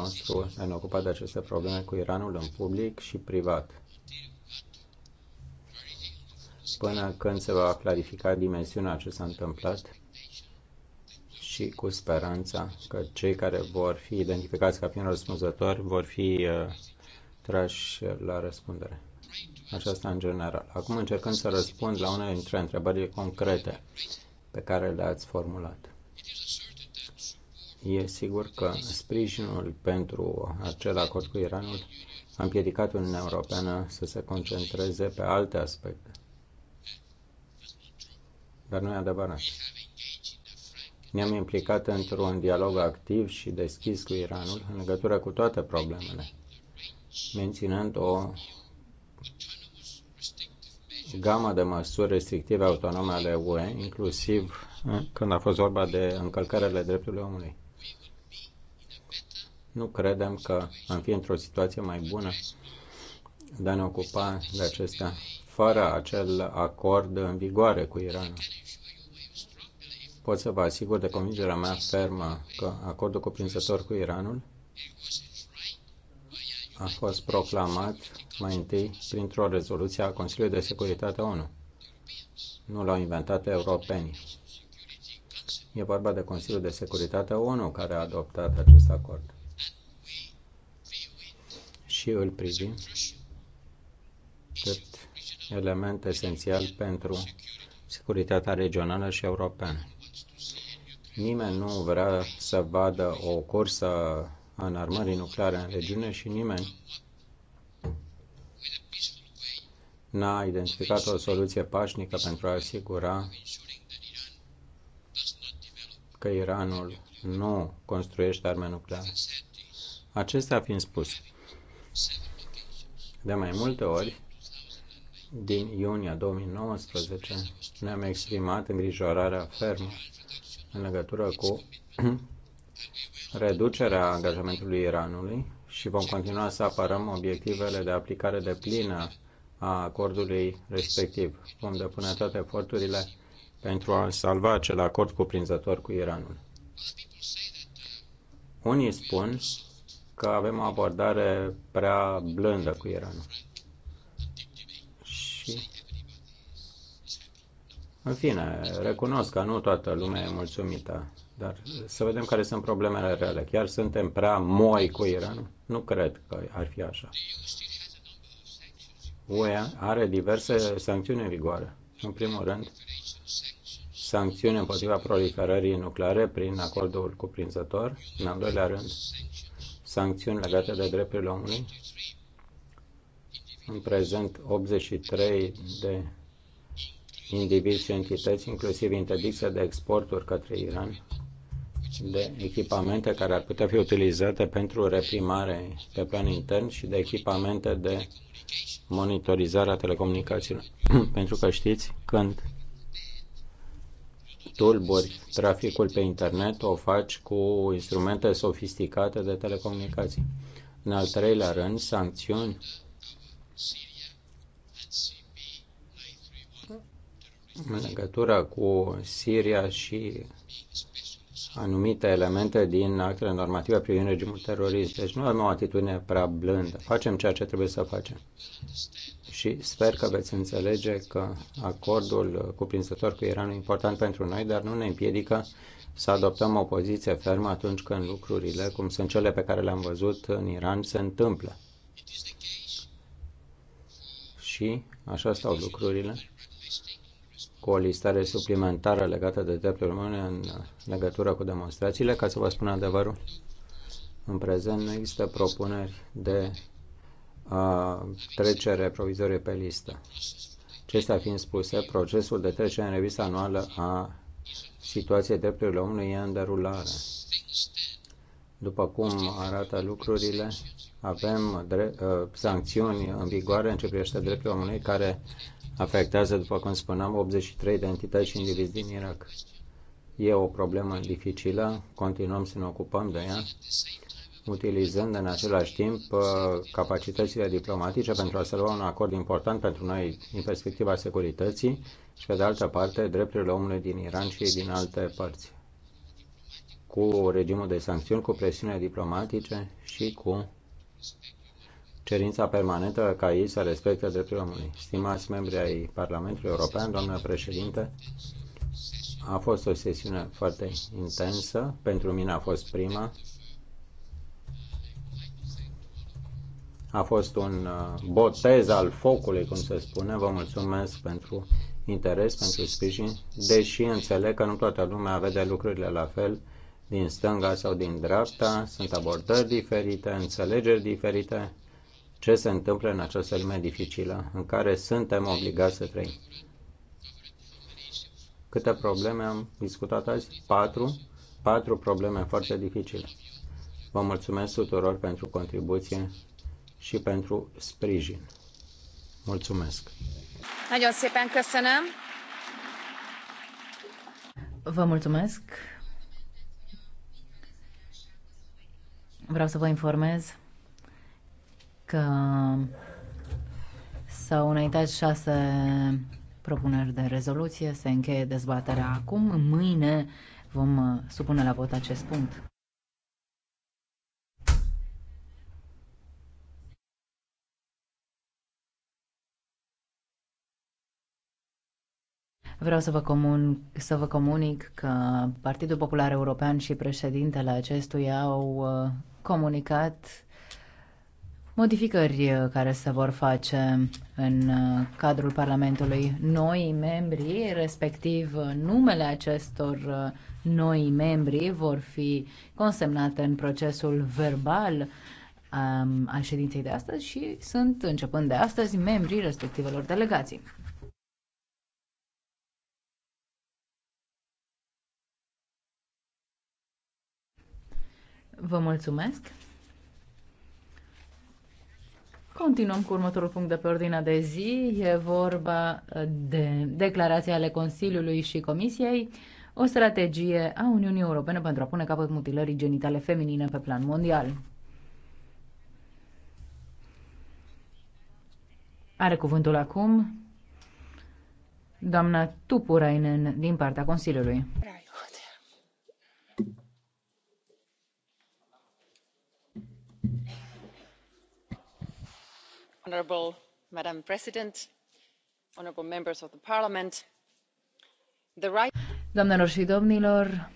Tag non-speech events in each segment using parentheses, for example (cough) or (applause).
nostru ne-am ocupat de aceste probleme cu Iranul în public și privat. Până când se va clarifica dimensiunea ce s-a întâmplat și cu speranța că cei care vor fi identificați ca fiind răspunzători vor fi uh, trași la răspundere. Aceasta în general. Acum încercând să răspund la una dintre întrebările concrete pe care le-ați formulat. E sigur că sprijinul pentru acel acord cu Iranul a împiedicat Uniunea Europeană să se concentreze pe alte aspecte. Dar nu e adevărat. Ne-am implicat într-un dialog activ și deschis cu Iranul în legătură cu toate problemele, menținând o gamă de măsuri restrictive autonome ale UE, inclusiv eh, când a fost vorba de încălcările drepturilor omului. Nu credem că am fi într-o situație mai bună de a ne ocupa de acestea fără acel acord în vigoare cu Iranul. Pot să vă asigur de convingerea mea fermă că acordul cuprinzător cu Iranul a fost proclamat mai întâi printr-o rezoluție a Consiliului de Securitate ONU. Nu l-au inventat europenii. E vorba de Consiliul de Securitate ONU care a adoptat acest acord și îl privim cât element esențial pentru securitatea regională și europeană. Nimeni nu vrea să vadă o cursă în armării nucleare în regiune și nimeni n-a identificat o soluție pașnică pentru a asigura că Iranul nu construiește arme nucleare. Acestea fiind spuse, de mai multe ori, din iunie 2019, ne-am exprimat îngrijorarea fermă în legătură cu (clears throat) reducerea angajamentului Iranului și vom continua să apărăm obiectivele de aplicare de plină a acordului respectiv. Vom depune toate eforturile pentru a salva acel acord cuprinzător cu Iranul. Unii spun că avem o abordare prea blândă cu Iranul. Și în fine, recunosc că nu toată lumea e mulțumită, dar să vedem care sunt problemele reale. Chiar suntem prea moi cu Iranul? Nu cred că ar fi așa. UE are diverse sancțiuni în vigoare. În primul rând, sancțiuni împotriva proliferării nucleare prin acordul cuprinzător. În al doilea rând, sancțiuni legate de drepturile omului. În prezent, 83 de indivizi și entități, inclusiv interdicția de exporturi către Iran, de echipamente care ar putea fi utilizate pentru reprimare pe plan intern și de echipamente de monitorizare a telecomunicațiilor. (clears throat) pentru că știți, când tulburi traficul pe internet, o faci cu instrumente sofisticate de telecomunicații. În al treilea rând, sancțiuni în legătură cu Siria și anumite elemente din actele normative privind regimul terorist. Deci nu avem o atitudine prea blândă. Facem ceea ce trebuie să facem. Și sper că veți înțelege că acordul cuprinzător cu Iranul e important pentru noi, dar nu ne împiedică să adoptăm o poziție fermă atunci când lucrurile, cum sunt cele pe care le-am văzut în Iran, se întâmplă. Și așa stau lucrurile cu o listare suplimentară legată de dreptul umane în legătură cu demonstrațiile. Ca să vă spun adevărul, în prezent nu există propuneri de a, trecere provizorie pe listă. Acestea fiind spuse, procesul de trecere în revista anuală a situației drepturilor omului e în derulare. După cum arată lucrurile, avem dre- sancțiuni în vigoare în ce privește drepturile omului care afectează, după cum spuneam, 83 de entități și indivizi din Irak. E o problemă dificilă, continuăm să ne ocupăm de ea, utilizând în același timp uh, capacitățile diplomatice pentru a salva un acord important pentru noi din perspectiva securității și, pe de altă parte, drepturile omului din Iran și din alte părți, cu regimul de sancțiuni, cu presiune diplomatice și cu cerința permanentă ca ei să respecte drepturile omului. Stimați membri ai Parlamentului European, doamnă președinte, a fost o sesiune foarte intensă. Pentru mine a fost prima. A fost un uh, botez al focului, cum se spune. Vă mulțumesc pentru interes, pentru sprijin, deși înțeleg că nu toată lumea vede lucrurile la fel din stânga sau din dreapta, sunt abordări diferite, înțelegeri diferite, ce se întâmplă în această lume dificilă în care suntem obligați să trăim. Câte probleme am discutat azi? Patru. Patru probleme foarte dificile. Vă mulțumesc tuturor pentru contribuție și pentru sprijin. Mulțumesc! Nagyon szépen köszönöm! Vă mulțumesc! Vreau să vă informez că s-au înaintat șase propuneri de rezoluție. Se încheie dezbaterea acum. Mâine vom uh, supune la vot acest punct. Vreau să vă, comun, să vă comunic că Partidul Popular European și președintele acestuia au uh, comunicat modificări uh, care se vor face în uh, cadrul Parlamentului. Noi membri, respectiv uh, numele acestor noi membri, vor fi consemnate în procesul verbal um, al ședinței de astăzi și sunt, începând de astăzi, membrii respectivelor delegații. Vă mulțumesc! Continuăm cu următorul punct de pe ordinea de zi. E vorba uh, de declarația ale Consiliului și Comisiei, o strategie a Uniunii Europene pentru a pune capăt mutilării genitale feminine pe plan mondial. Are cuvântul acum doamna Tupurainen din partea Consiliului doamnă președintă doamnelor și domnilor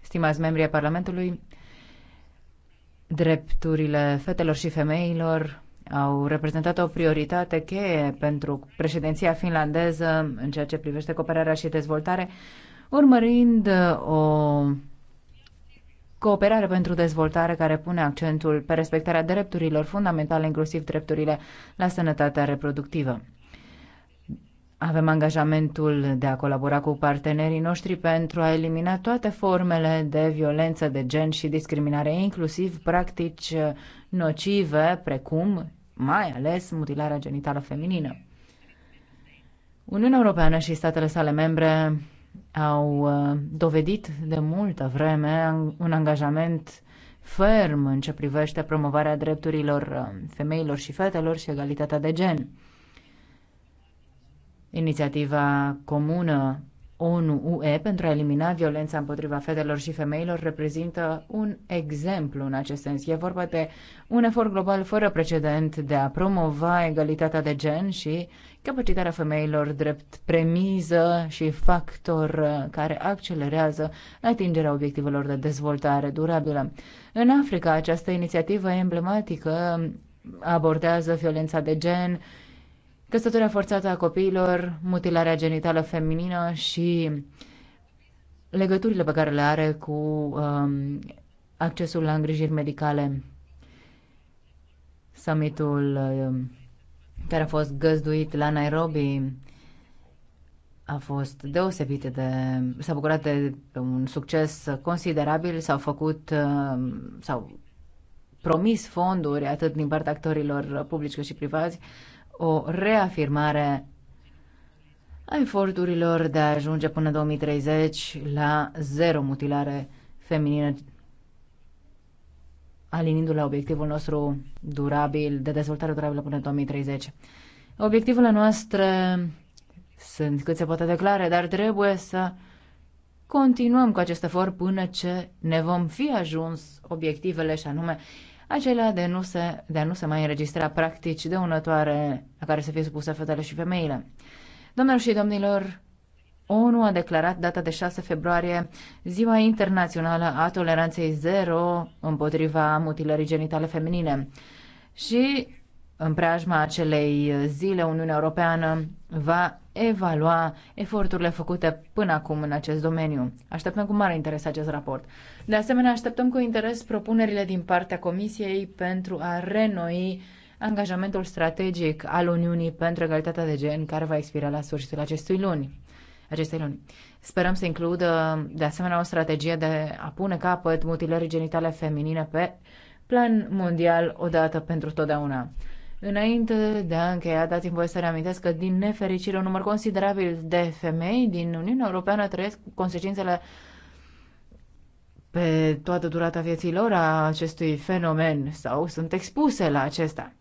stimați membri ai parlamentului drepturile fetelor și femeilor au reprezentat o prioritate cheie pentru președinția finlandeză în ceea ce privește cooperarea și dezvoltare, urmărind o cooperare pentru dezvoltare care pune accentul pe respectarea drepturilor fundamentale, inclusiv drepturile la sănătatea reproductivă. Avem angajamentul de a colabora cu partenerii noștri pentru a elimina toate formele de violență de gen și discriminare, inclusiv practici nocive, precum, mai ales, mutilarea genitală feminină. Uniunea Europeană și statele sale membre au uh, dovedit de multă vreme un angajament ferm în ce privește promovarea drepturilor uh, femeilor și fetelor și egalitatea de gen. Inițiativa comună ONU-UE pentru a elimina violența împotriva fetelor și femeilor reprezintă un exemplu în acest sens. E vorba de un efort global fără precedent de a promova egalitatea de gen și capacitarea femeilor drept premiză și factor care accelerează atingerea obiectivelor de dezvoltare durabilă. În Africa, această inițiativă emblematică abordează violența de gen, căsătoria forțată a copiilor, mutilarea genitală feminină și legăturile pe care le are cu um, accesul la îngrijiri medicale. Summitul um, care a fost găzduit la Nairobi a fost deosebit de... s-a bucurat de un succes considerabil, s-au făcut... Um, s-au promis fonduri atât din partea actorilor publici cât și privați o reafirmare a eforturilor de a ajunge până 2030 la zero mutilare feminină, alinindu la obiectivul nostru durabil, de dezvoltare durabilă până 2030. Obiectivele noastre sunt cât se poate declare, dar trebuie să continuăm cu acest efort până ce ne vom fi ajuns obiectivele și anume acelea de, nu se, de a nu se mai înregistra practici dăunătoare la care să fie supuse fetele și femeile. Domnilor și domnilor, ONU a declarat data de 6 februarie Ziua Internațională a Toleranței Zero împotriva mutilării genitale feminine. Și în preajma acelei zile, Uniunea Europeană va evalua eforturile făcute până acum în acest domeniu. Așteptăm cu mare interes acest raport. De asemenea, așteptăm cu interes propunerile din partea Comisiei pentru a renoi angajamentul strategic al Uniunii pentru egalitatea de gen care va expira la sfârșitul acestui luni. Acestei luni. Sperăm să includă, de asemenea, o strategie de a pune capăt mutilării genitale feminine pe plan mondial odată pentru totdeauna. Înainte de a încheia, dați-mi voie să reamintesc că, din nefericire, un număr considerabil de femei din Uniunea Europeană trăiesc consecințele pe toată durata vieții lor a acestui fenomen sau sunt expuse la acesta.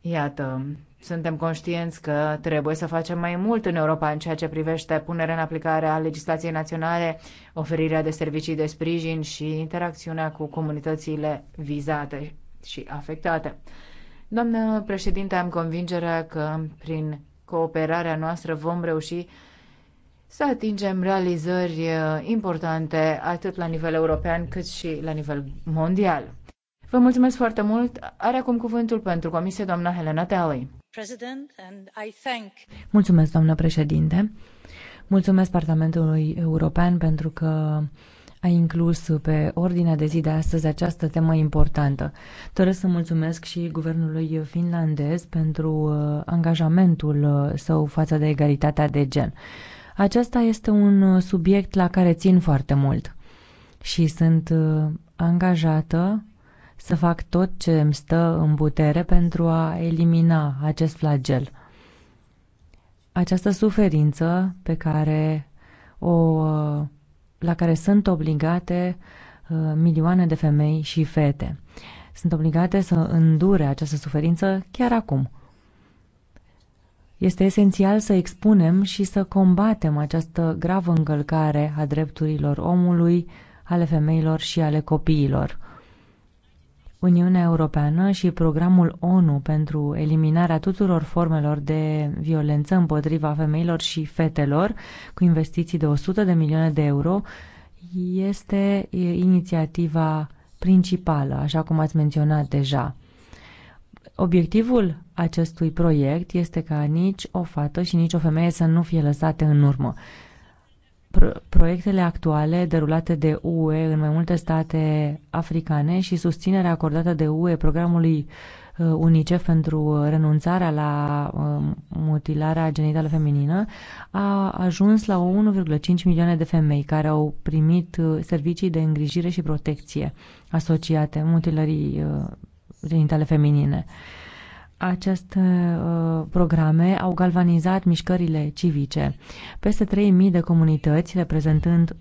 Iată, suntem conștienți că trebuie să facem mai mult în Europa în ceea ce privește punerea în aplicare a legislației naționale, oferirea de servicii de sprijin și interacțiunea cu comunitățile vizate și afectate. Doamnă președinte, am convingerea că prin cooperarea noastră vom reuși să atingem realizări uh, importante atât la nivel european cât și la nivel mondial. Vă mulțumesc foarte mult. Are acum cuvântul pentru comisie doamna Helena Talley. Mulțumesc, doamnă președinte. Mulțumesc Parlamentului European pentru că a inclus pe ordinea de zi de astăzi această temă importantă. Doresc să mulțumesc și guvernului finlandez pentru uh, angajamentul uh, său față de egalitatea de gen. Acesta este un uh, subiect la care țin foarte mult și sunt angajată să fac tot ce îmi stă în putere pentru a elimina acest flagel. Această suferință pe care o la care sunt obligate uh, milioane de femei și fete. Sunt obligate să îndure această suferință chiar acum. Este esențial să expunem și să combatem această gravă încălcare a drepturilor omului, ale femeilor și ale copiilor. Uniunea Europeană și programul ONU pentru eliminarea tuturor formelor de violență împotriva femeilor și fetelor, cu investiții de 100 de milioane de euro, este inițiativa principală, așa cum ați menționat deja. Obiectivul acestui proiect este ca nici o fată și nici o femeie să nu fie lăsate în urmă proiectele actuale derulate de UE în mai multe state africane și susținerea acordată de UE programului uh, UNICEF pentru uh, renunțarea la uh, mutilarea genitală feminină a ajuns la 1,5 milioane de femei care au primit servicii de îngrijire și protecție asociate mutilării genitale feminine aceste uh, programe au galvanizat mișcările civice. Peste 3.000 de comunități, reprezentând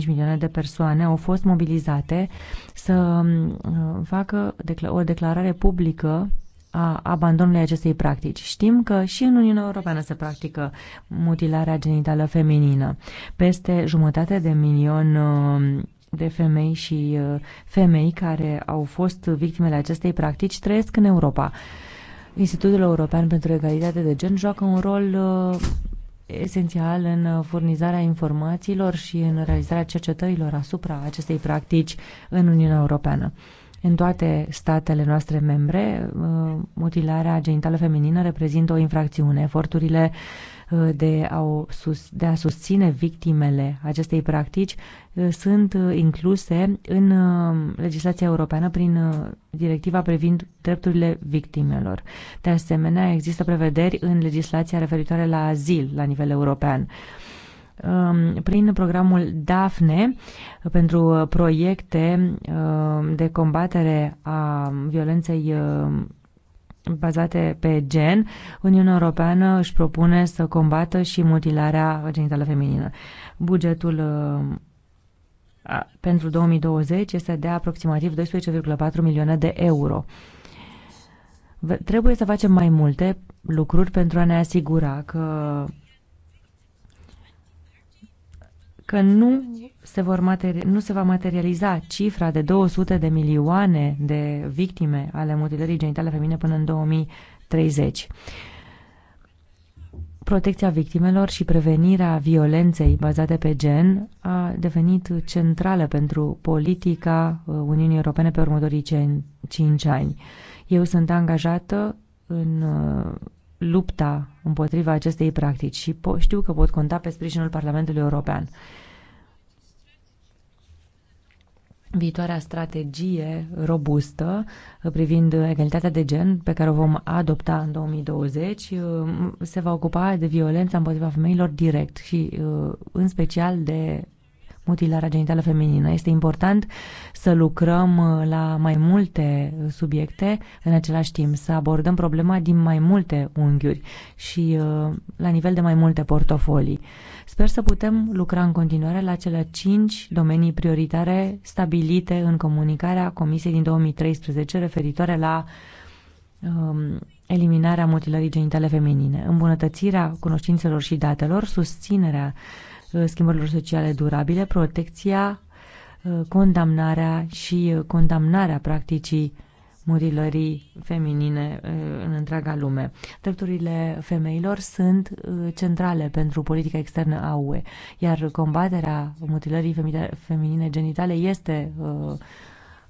8,5 milioane de persoane, au fost mobilizate să um, uh, facă decla o declarare publică a abandonului acestei practici. Știm că și în Uniunea Europeană se practică mutilarea genitală feminină. Peste jumătate de milion uh, de femei și uh, femei care au fost victimele acestei practici trăiesc în Europa. Institutul European pentru Egalitate de Gen joacă un rol uh, esențial în uh, furnizarea informațiilor și în realizarea cercetărilor asupra acestei practici în Uniunea Europeană. În toate statele noastre membre, uh, mutilarea genitală feminină reprezintă o infracțiune. Eforturile uh, Uh, de a, sus, de a susține victimele acestei practici uh, sunt uh, incluse în legislația europeană prin directiva privind drepturile victimelor. De asemenea, există prevederi în legislația referitoare la azil la nivel european um, prin programul DAFNE pentru proiecte de combatere a violenței bazate pe gen, Uniunea Europeană își propune să combată și mutilarea genitală feminină. Bugetul uh, pentru 2020 este de aproximativ 12,4 milioane de euro. Trebuie să facem mai multe lucruri pentru a ne asigura că că nu se, vor materi- nu se va materializa cifra de 200 de milioane de victime ale mutilării genitale feminine până în 2030. Protecția victimelor și prevenirea violenței bazate pe gen a devenit centrală pentru politica uh, Uniunii Europene pe următorii 5 ani. Eu sunt angajată în uh, lupta împotriva acestei practici și știu că pot conta pe sprijinul Parlamentului European. Viitoarea strategie robustă uh, privind egalitatea de gen pe care o vom adopta în 2020 uh, se va ocupa de violența împotriva femeilor direct și uh, în special de mutilarea genitală feminină. Este important să lucrăm uh, la mai multe uh, subiecte în același timp, să abordăm problema din mai multe unghiuri și uh, la nivel de mai multe portofolii. Sper să putem lucra în continuare la cele cinci domenii prioritare stabilite în comunicarea Comisiei din 2013 referitoare la um, eliminarea mutilării genitale feminine, îmbunătățirea cunoștințelor și datelor, susținerea uh, schimbărilor sociale durabile, protecția, uh, condamnarea și uh, condamnarea practicii mutilării feminine uh, în întreaga lume. Drepturile femeilor sunt centrale pentru politica externă a UE, iar combaterea mutilării feminine genitale este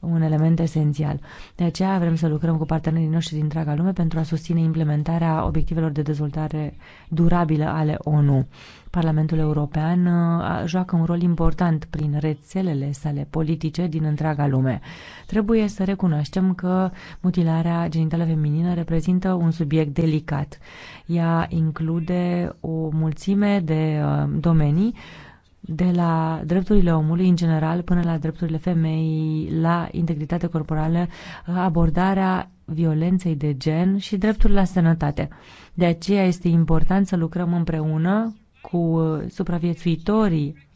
un element esențial. De aceea vrem să lucrăm cu partenerii noștri din întreaga lume pentru a susține implementarea obiectivelor de dezvoltare durabilă ale ONU. Parlamentul European uh, joacă un rol important prin rețelele sale politice din întreaga lume. Trebuie să recunoaștem că mutilarea genitală feminină reprezintă un subiect delicat. Ea include o mulțime de uh, domenii de la drepturile omului în general până la drepturile femeii, la integritate corporală, abordarea violenței de gen și dreptul la sănătate. De aceea este important să lucrăm împreună cu uh, supraviețuitorii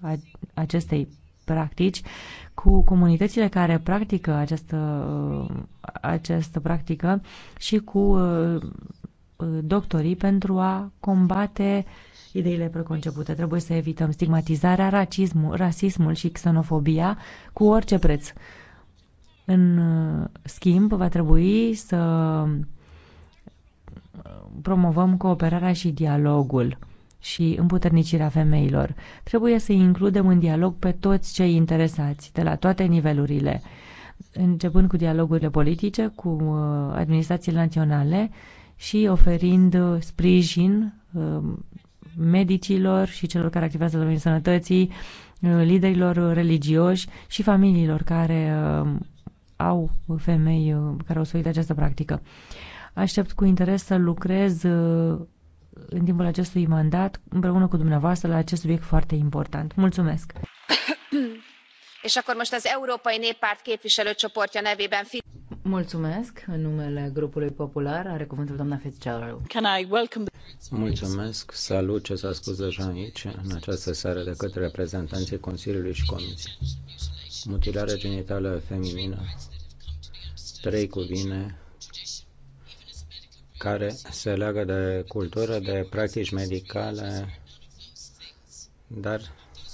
acestei practici, cu comunitățile care practică această, uh, această practică și cu uh, doctorii pentru a combate ideile preconcepute. Trebuie să evităm stigmatizarea, racismul, rasismul și xenofobia cu orice preț. În schimb, va trebui să promovăm cooperarea și dialogul și împuternicirea femeilor. Trebuie să includem în dialog pe toți cei interesați, de la toate nivelurile, începând cu dialogurile politice, cu uh, administrațiile naționale și oferind uh, sprijin uh, medicilor și celor care activează domeniul sănătății, liderilor religioși și familiilor care au femei care au suit această practică. Aștept cu interes să lucrez în timpul acestui mandat împreună cu dumneavoastră la acest subiect foarte important. Mulțumesc! Mulțumesc. În numele grupului popular are cuvântul doamna Fitzgerald. Can I welcome Mulțumesc. Salut ce s-a spus deja aici, în această seară, de către reprezentanții Consiliului și Comisiei. Mutilarea genitală feminină. Trei cuvinte care se leagă de cultură, de practici medicale, dar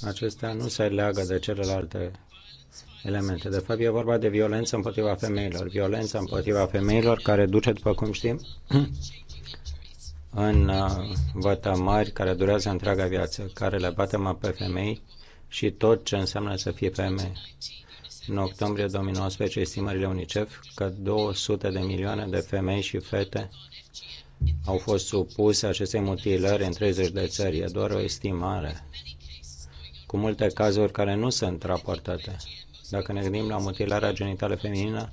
acestea nu se leagă de celelalte elemente. De fapt, e vorba de violență împotriva femeilor. Violența împotriva femeilor care duce, după cum știm, în uh, vătămări care durează întreaga viață, care le batem pe femei și tot ce înseamnă să fie femeie. În octombrie 2019, estimările UNICEF că 200 de milioane de femei și fete au fost supuse acestei mutilări în 30 de țări. E doar o estimare, cu multe cazuri care nu sunt raportate. Dacă ne gândim la mutilarea genitală feminină,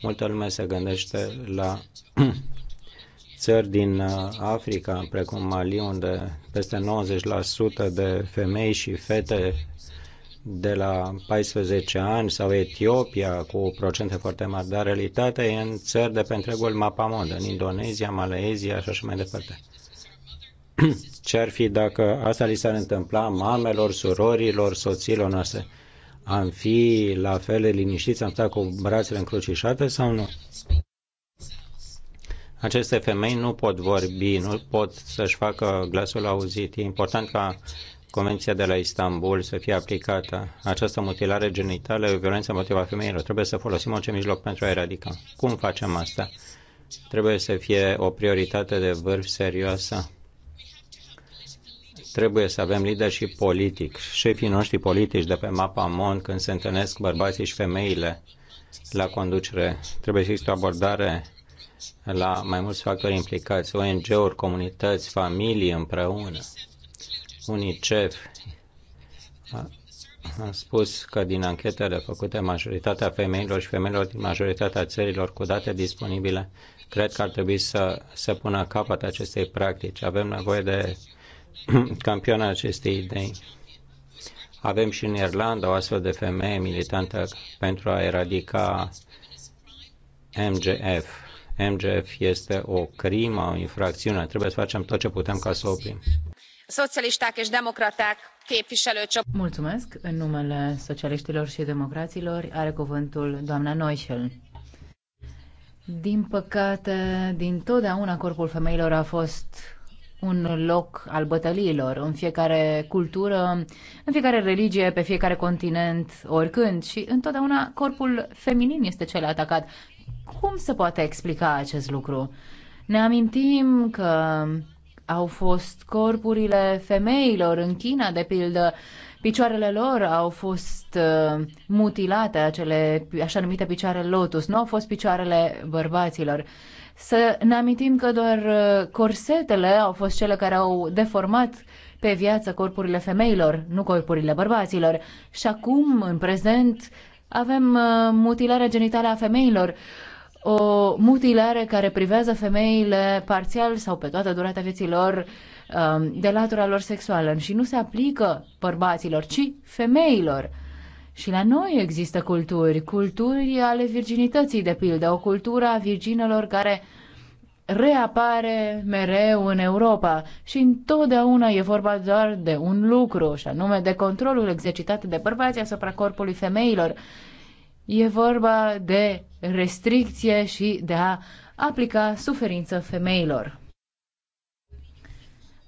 multă lume se gândește la (clears throat) țări din uh, Africa, precum Mali, unde peste 90% de femei și fete de la 14 ani sau Etiopia cu procente foarte mari, dar realitatea e în țări de pe întregul mapamond, în Indonezia, Malezia și așa mai departe. (clears throat) Ce ar fi dacă asta li s-ar întâmpla mamelor, surorilor, soților noastre? Am fi la fel liniștiți, am stat cu brațele încrucișate sau nu? Aceste femei nu pot vorbi, nu pot să-și facă glasul auzit. E important ca Convenția de la Istanbul să fie aplicată. Această mutilare genitală e o violență împotriva femeilor. Trebuie să folosim orice mijloc pentru a eradica. Cum facem asta? Trebuie să fie o prioritate de vârf serioasă. Trebuie să avem lider și politic. Șefii noștri politici de pe mapa MON, când se întâlnesc bărbații și femeile la conducere, trebuie să există o abordare la mai mulți factori implicați, ONG-uri, comunități, familii împreună. UNICEF a, a spus că din anchetele făcute majoritatea femeilor și femeilor din majoritatea țărilor cu date disponibile cred că ar trebui să se pună capăt acestei practici. Avem nevoie de (clears throat) campioane acestei idei. Avem și în Irlanda o astfel de femeie militantă pentru a eradica MGF. MGF este o crimă, o infracțiune. Trebuie să facem tot ce putem ca să o oprim. Mulțumesc. În numele socialiștilor și democraților are doamna Noichel. Din păcate, din corpul femeilor a fost un loc al bătăliilor, în fiecare cultură, în fiecare religie, pe fiecare continent, oricând și întotdeauna corpul feminin este cel atacat. Cum se poate explica acest lucru? Ne amintim că au fost corpurile femeilor în China, de pildă, picioarele lor au fost uh, mutilate, acele așa numite picioare lotus, nu au fost picioarele bărbaților. Să ne amintim că doar uh, corsetele au fost cele care au deformat pe viață corpurile femeilor, nu corpurile bărbaților. Și acum, în prezent, avem uh, mutilarea genitală a femeilor, uh, o mutilare care privează femeile parțial sau pe toată durata vieții lor um, de latura lor sexuală și nu se aplică bărbaților, ci femeilor. Și la noi există culturi, culturi ale virginității, de pildă, o cultură a virginelor care reapare mereu în Europa și întotdeauna e vorba doar de un lucru, și anume de controlul exercitat de bărbații asupra corpului femeilor E vorba de restricție și de a aplica suferință femeilor.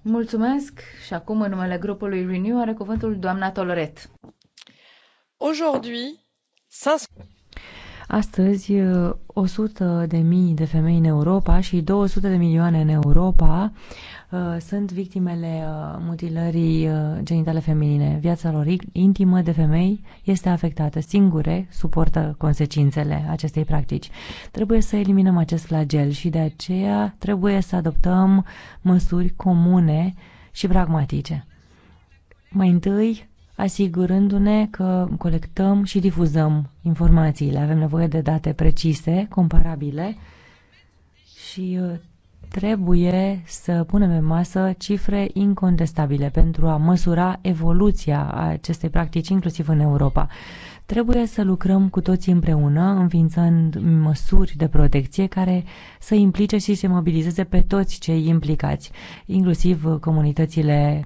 Mulțumesc și acum în numele grupului Renew are cuvântul doamna Toloret. Aujourd'hui, 500... Astăzi, 100 uh, de mii de femei în Europa și 200 de milioane în Europa uh, sunt victimele uh, mutilării genitale feminine. Viața lor intimă de femei este afectată. Singure suportă consecințele acestei practici. Trebuie să eliminăm acest flagel și de aceea trebuie să adoptăm măsuri comune și pragmatice. Mai întâi, asigurându-ne că colectăm și difuzăm informațiile. Avem nevoie de date precise, comparabile și uh, trebuie să punem în masă cifre incontestabile pentru a măsura evoluția acestei practici, inclusiv în Europa. Trebuie să lucrăm cu toții împreună, înființând măsuri de protecție care să implice și să mobilizeze pe toți cei implicați, inclusiv uh, comunitățile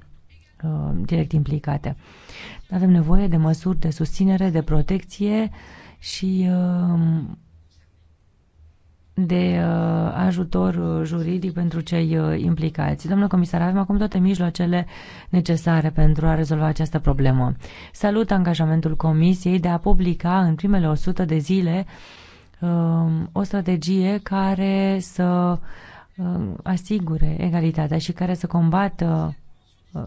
uh, direct implicate. Avem nevoie de măsuri de susținere, de protecție și uh, de uh, ajutor juridic pentru cei uh, implicați. Domnule comisar, avem acum toate mijloacele necesare pentru a rezolva această problemă. Salut angajamentul Comisiei de a publica în primele 100 de zile o strategie care să asigure egalitatea și care să combată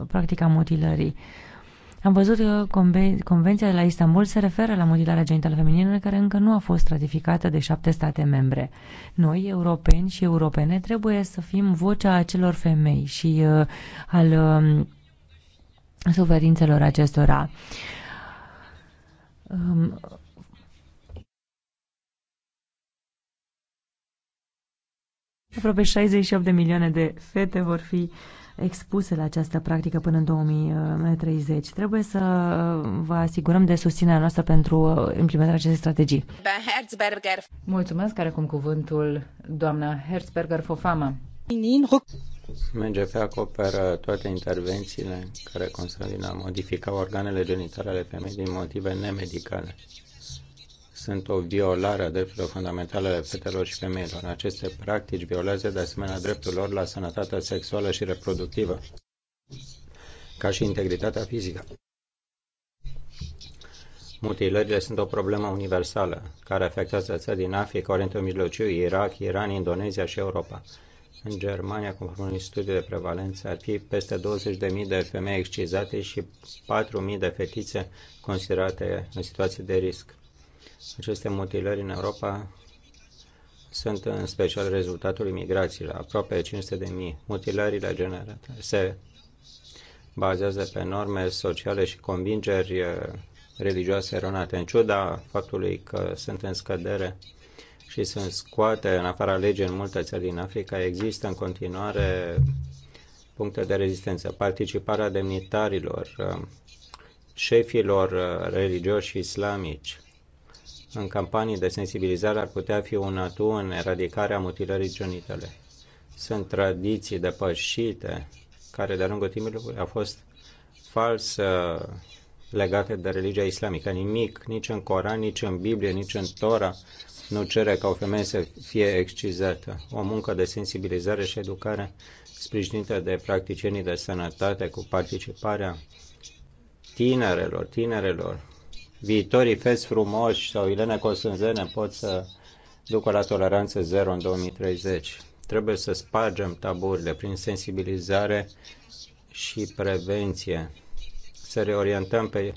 practica mutilării. Am văzut că Convenția de la Istanbul se referă la mutilarea genitală feminină care încă nu a fost ratificată de șapte state membre. Noi, europeni și europene, trebuie să fim vocea acelor femei și uh, al uh, suferințelor acestora. Um, aproape 68 de milioane de fete vor fi uh, expuse la această practică până în 2030. Trebuie să vă asigurăm de susținerea noastră pentru uh, implementarea acestei strategii. Herzberger. Mulțumesc, care cum cuvântul doamna Herzberger Fofama. MGP acoperă toate intervențiile care consolidă modifica organele genitale ale femei din motive nemedicale sunt o violare a drepturilor fundamentale ale fetelor și femeilor. Aceste practici violează de asemenea dreptul lor la sănătatea sexuală și reproductivă, ca și integritatea fizică. Mutilările sunt o problemă universală care afectează țări din Africa, Orientul Mijlociu, Irak, Iran, Indonezia și Europa. În Germania, conform unui studiu de prevalență, ar fi peste 20.000 de femei excizate și 4.000 de fetițe considerate în situații de risc. Aceste mutilări în Europa sunt în special rezultatul imigrațiilor, aproape 500 de mii. Mutilările generate se bazează pe norme sociale și convingeri eh, religioase eronate. În ciuda faptului că sunt în scădere și sunt scoate în afara legii în multe țări din Africa, există în continuare puncte de rezistență. Participarea demnitarilor, eh, șefilor eh, religioși islamici, în campanii de sensibilizare ar putea fi un atu în eradicarea mutilării genitale. Sunt tradiții depășite care de-a lungul timpului au fost fals uh, legate de religia islamică. Nimic, nici în Coran, nici în Biblie, nici în Tora nu cere ca o femeie să fie excizată. O muncă de sensibilizare și educare sprijinită de practicienii de sănătate cu participarea tinerelor, tinerelor viitorii fes frumoși sau Ilene Cosânzene pot să ducă la toleranță zero în 2030. Trebuie să spargem taburile prin sensibilizare și prevenție, să reorientăm pe,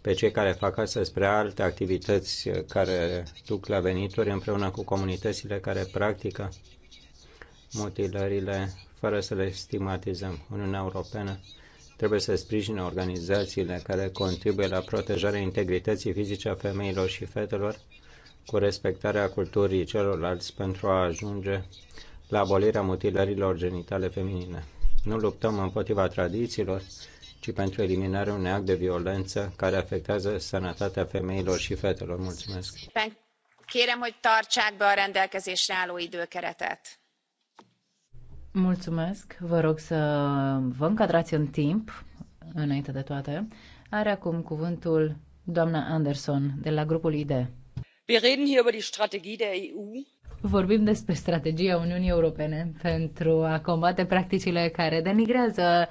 pe cei care fac asta spre alte activități care duc la venituri împreună cu comunitățile care practică mutilările fără să le stigmatizăm. Uniunea Europeană Trebuie să sprijine organizațiile care contribuie la protejarea integrității fizice a femeilor și fetelor cu respectarea culturii celorlalți pentru a ajunge la abolirea mutilărilor genitale feminine. Nu luptăm împotriva tradițiilor, ci pentru eliminarea unui act de violență care afectează sănătatea femeilor și fetelor. Mulțumesc! Kérem, hogy tartsák be a rendelkezésre álló időkeretet. Mulțumesc. Vă rog să vă încadrați în timp, înainte de toate. Are acum cuvântul doamna Anderson de la grupul ID. Wir reden hier über die Strategie der EU. Vorbim despre strategia Uniunii Europene pentru a combate practicile care denigrează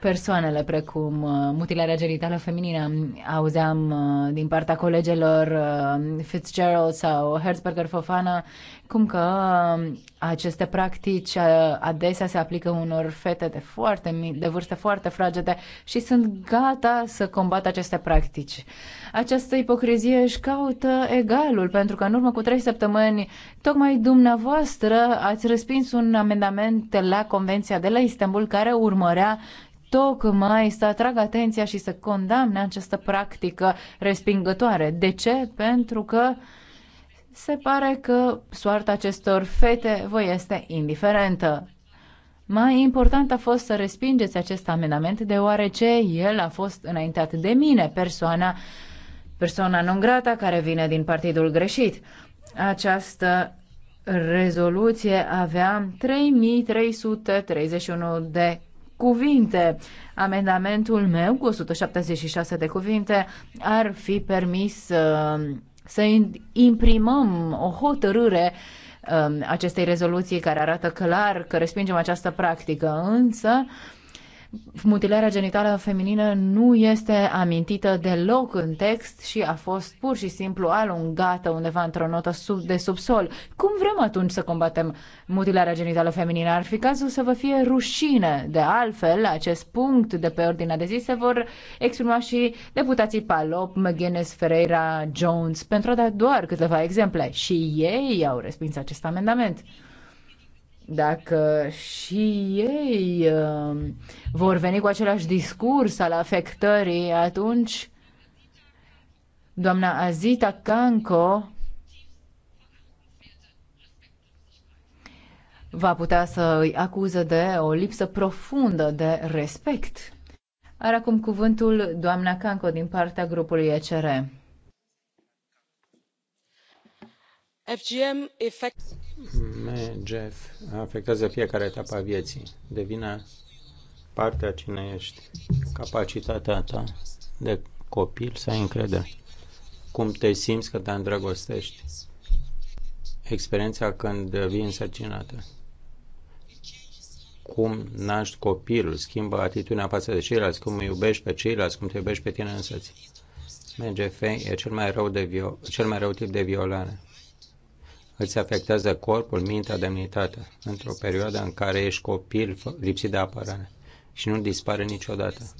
persoanele, precum uh, mutilarea genitală feminină. Auzeam uh, din partea colegelor uh, Fitzgerald sau Herzberger Fofana cum că aceste practici adesea se aplică unor fete de, foarte, de vârste foarte fragede și sunt gata să combată aceste practici. Această ipocrizie își caută egalul, pentru că în urmă cu trei săptămâni, tocmai dumneavoastră ați respins un amendament la Convenția de la Istanbul care urmărea tocmai să atrag atenția și să condamne această practică respingătoare. De ce? Pentru că se pare că soarta acestor fete vă este indiferentă. Mai important a fost să respingeți acest amendament, deoarece el a fost înaintat de mine, persoana, persoana non grata care vine din partidul greșit. Această rezoluție avea 3331 de cuvinte. Amendamentul meu cu 176 de cuvinte ar fi permis uh, să imprimăm o hotărâre uh, acestei rezoluții care arată clar că respingem această practică, însă uh, mutilarea genitală feminină nu este amintită deloc în text și a fost pur și simplu alungată undeva într-o notă sub, de subsol. Cum vrem atunci să combatem mutilarea genitală feminină? Ar fi cazul să vă fie rușine. De altfel, acest punct de pe ordinea de zi se vor exprima și deputații Palop, McGuinness, Ferreira, Jones, pentru a da doar câteva exemple. Și ei au respins acest amendament dacă și ei um, vor veni cu același discurs al afectării, atunci doamna Azita Canco va putea să îi acuză de o lipsă profundă de respect. Are acum cuvântul doamna Canco din partea grupului ECR. FGM effect MGF afectează fiecare etapă a vieții. Devine partea cine ești, capacitatea ta de copil să ai încredere, cum te simți că te îndrăgostești, experiența când devii însărcinată, cum naști copilul, schimbă atitudinea față de ceilalți, cum îi iubești pe ceilalți, cum te iubești pe tine însăți. MGF e cel mai rău, de cel mai rău tip de violare îți afectează corpul, mintea, demnitatea, într-o perioadă în care ești copil lipsit de apărare și nu dispare niciodată.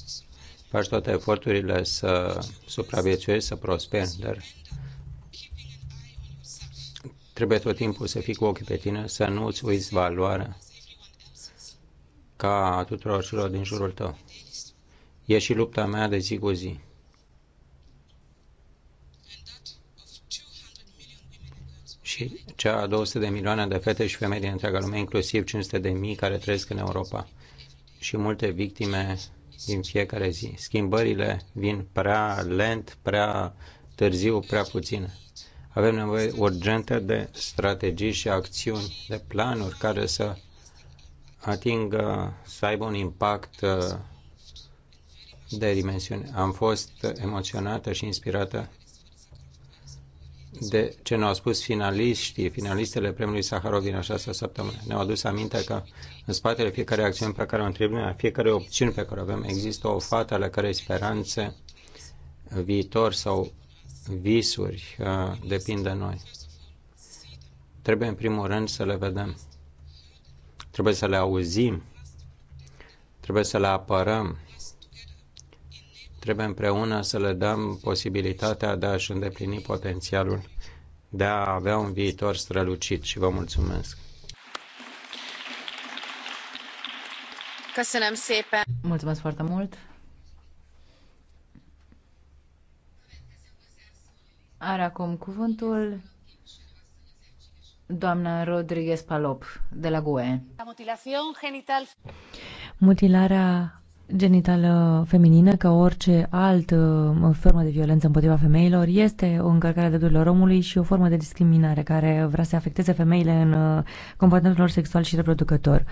Faci toate eforturile să supraviețuiești, să prosperi, dar trebuie tot timpul să fii cu ochii pe tine, să nu îți uiți valoarea ca a tuturor celor din jurul tău. E și lupta mea de zi cu zi. cea a 200 de milioane de fete și femei din întreaga lume, inclusiv 500 de mii care trăiesc în Europa și multe victime din fiecare zi. Schimbările vin prea lent, prea târziu, prea puțin. Avem nevoie urgentă de strategii și acțiuni, de planuri care să atingă, să aibă un impact uh, de dimensiune. Am fost emoționată și inspirată de ce ne-au spus finaliștii, finalistele premiului Saharov din această săptămână. Ne-au adus aminte că în spatele fiecare acțiune pe care o întrebim, a fiecare opțiune pe care o avem, există o fată la care speranțe, viitor sau visuri uh, depind de noi. Trebuie în primul rând să le vedem. Trebuie să le auzim. Trebuie să le apărăm Trebuie împreună să le dăm posibilitatea de a-și îndeplini potențialul de a avea un viitor strălucit și vă mulțumesc. Mulțumesc foarte mult. Are acum cuvântul doamna Rodriguez Palop de la GUE. Mutilarea genitală feminină, ca orice altă uh, formă de violență împotriva femeilor, este o încărcare a drepturilor omului și o formă de discriminare care vrea să afecteze femeile în uh, comportamentul lor sexual și reproducător.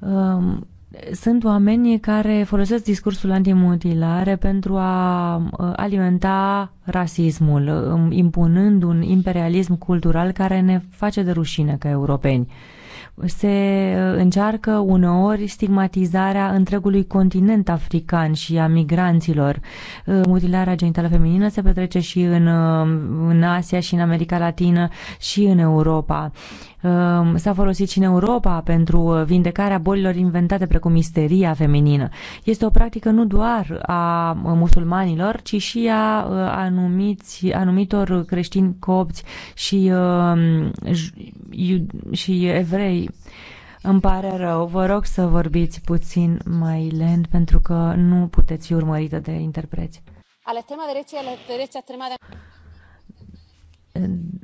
Um, sunt oameni care folosesc discursul antimutilare pentru a uh, alimenta rasismul, um, impunând un imperialism cultural care ne face de rușine ca europeni se uh, încearcă uneori stigmatizarea întregului continent african și a migranților. Uh, mutilarea genitală feminină se petrece și în, uh, în Asia și în America Latină și în Europa. Ehm, s-a folosit și în Europa pentru uh, vindecarea bolilor inventate precum isteria feminină. Este o practică nu doar a uh, musulmanilor, ci și a uh, anumiți, anumitor creștini copți și, um, și evrei. Îmi pare rău, vă rog să vorbiți puțin mai lent pentru că nu puteți fi urmărită de interpreți. tema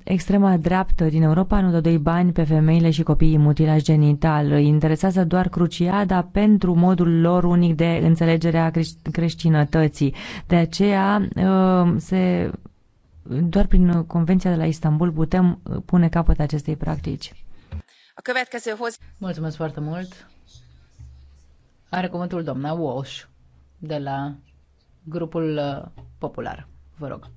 extrema dreaptă din Europa nu dă doi bani pe femeile și copiii mutilați genital. Îi interesează doar cruciada pentru modul lor unic de înțelegere a creștinătății. De aceea uh, se doar prin Convenția de la Istanbul putem uh, pune capăt acestei practici. Mulțumesc foarte mult. Are cuvântul doamna Walsh de la grupul uh, popular. Vă rog.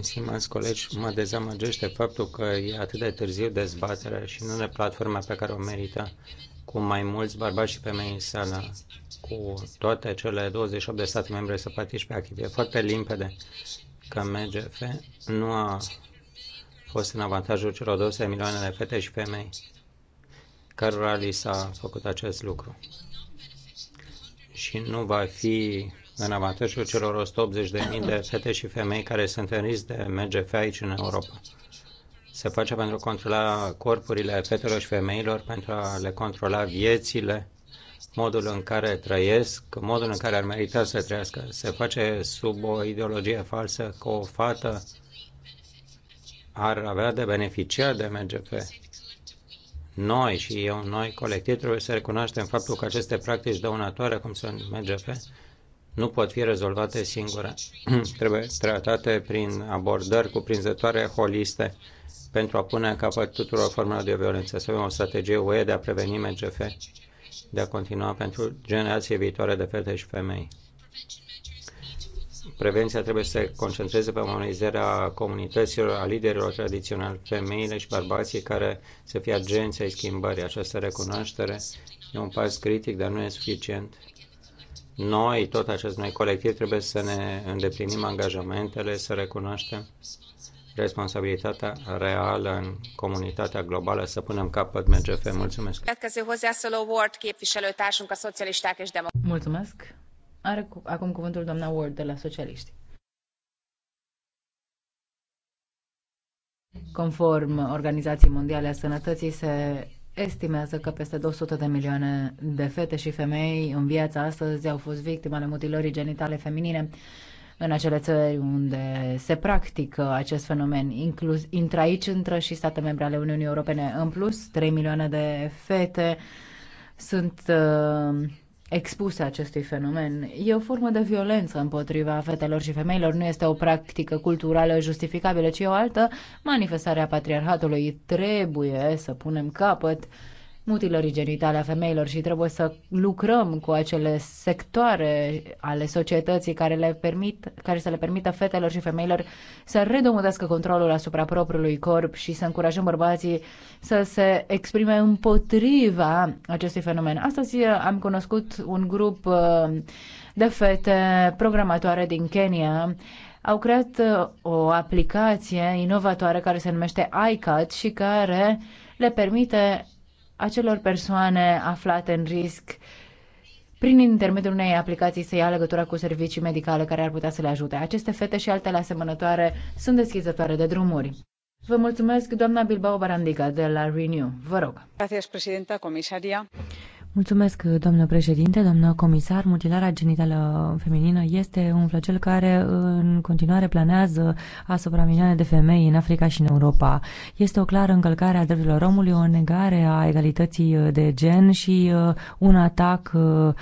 Stimați colegi, mă dezamăgește faptul că e atât de târziu dezbaterea și nu ne platforma pe care o merită cu mai mulți bărbați și femei în sală, cu toate cele 28 de state membre să participe activ. E foarte limpede că MGF nu a fost în avantajul celor 200 de milioane de fete și femei cărora li s-a făcut acest lucru. Și nu va fi în avantajul celor 180.000 de fete și femei care sunt în risc de MGF aici în Europa. Se face pentru a controla corpurile fetelor și femeilor, pentru a le controla viețile, modul în care trăiesc, modul în care ar merita să trăiască. Se face sub o ideologie falsă că o fată ar avea de beneficiat de MGF. Noi și eu, noi colectiv, trebuie să recunoaștem faptul că aceste practici dăunătoare, cum sunt MGF, nu pot fi rezolvate singure. (clears throat) Trebuie tratate prin abordări cuprinzătoare holiste pentru a pune capăt tuturor formelor de violență. Să avem o strategie UE de a preveni MGF, de a continua pentru generații viitoare de fete și femei. Prevenția trebuie să se concentreze pe monizarea comunităților, a liderilor tradiționali, femeile și bărbații care să fie agenții ai schimbării. Această recunoaștere e un pas critic, dar nu e suficient noi, tot acest noi colectiv, trebuie să ne îndeplinim angajamentele, să recunoaștem responsabilitatea reală în comunitatea globală, să punem capăt MGF. Mulțumesc! Mulțumesc! Are cu, acum cuvântul doamna Ward de la Socialiști. Conform Organizației Mondiale a Sănătății, se estimează că peste 200 de milioane de fete și femei în viața astăzi au fost victime ale mutilării genitale feminine în acele țări unde se practică acest fenomen, inclus, intră aici, intră și state membre ale Uniunii Europene. În plus, 3 milioane de fete sunt uh, expuse acestui fenomen. E o formă de violență împotriva fetelor și femeilor, nu este o practică culturală justificabilă, ci o altă manifestare a patriarhatului. Trebuie să punem capăt uh, mutilării genitale a femeilor și trebuie să lucrăm cu acele sectoare ale societății care, le permit, care să le permită fetelor și femeilor să redomodească controlul asupra propriului corp și să încurajăm bărbații să se exprime împotriva acestui fenomen. Astăzi am cunoscut un grup uh, de fete programatoare din Kenya au creat uh, o aplicație inovatoare care se numește iCut și care le permite acelor persoane aflate în risc prin intermediul unei aplicații să ia legătura cu servicii medicale care ar putea să le ajute. Aceste fete și altele asemănătoare sunt deschizătoare de drumuri. Vă mulțumesc, doamna Bilbao Barandica de la Renew. Vă rog. Gracias, presidenta, comisaria. Mulțumesc, doamnă președinte, doamnă comisar. Mutilarea genitală feminină este un flagel care în continuare planează asupra milioane de femei în Africa și în Europa. Este o clară încălcare a drepturilor omului, o negare a egalității de gen și uh, un atac uh,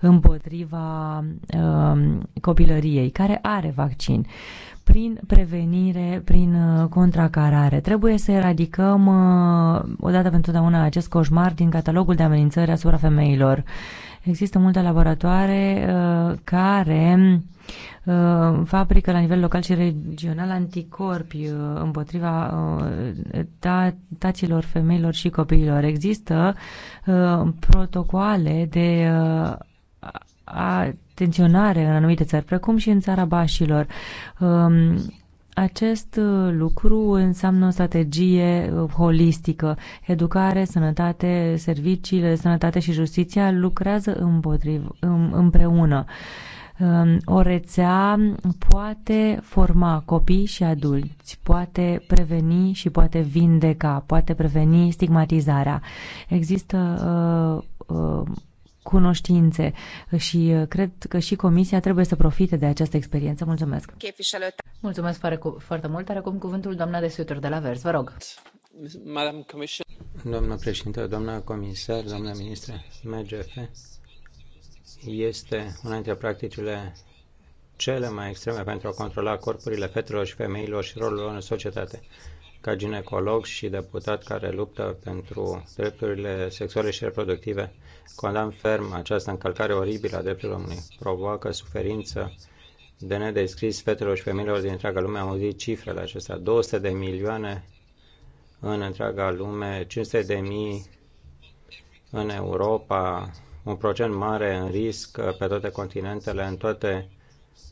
împotriva uh, copilăriei, care are vaccin prin prevenire, prin uh, contracarare. Trebuie să eradicăm uh, odată pentru totdeauna acest coșmar din catalogul de amenințări asupra femeilor. Există multe laboratoare uh, care fabrică la nivel local și regional anticorpi împotriva taților, femeilor și copiilor. Există protocoale de a tensionare în anumite țări, precum și în țara Bașilor. Um, acest uh, lucru înseamnă o strategie uh, holistică. Educare, sănătate, serviciile, sănătate și justiția lucrează împotriv, împreună. Um, o rețea poate forma copii și adulți, poate preveni și poate vindeca, poate preveni stigmatizarea. Există uh, uh, cunoștințe și uh, cred că și Comisia trebuie să profite de această experiență. Mulțumesc! Mulțumesc foarte mult. Are acum cuvântul doamna de Suter de la Vers. Vă rog! Doamna președinte, doamna comisar, doamna ministră, MGF este una dintre practicile cele mai extreme pentru a controla corpurile fetelor și femeilor și rolul lor în societate ca ginecolog și deputat care luptă pentru drepturile sexuale și reproductive, condamn ferm această încălcare oribilă a drepturilor omului. Provoacă suferință de nedescris fetelor și femeilor din întreaga lume. Am auzit cifrele acestea. 200 de milioane în întreaga lume, 500 de mii în Europa, un procent mare în risc pe toate continentele, în toate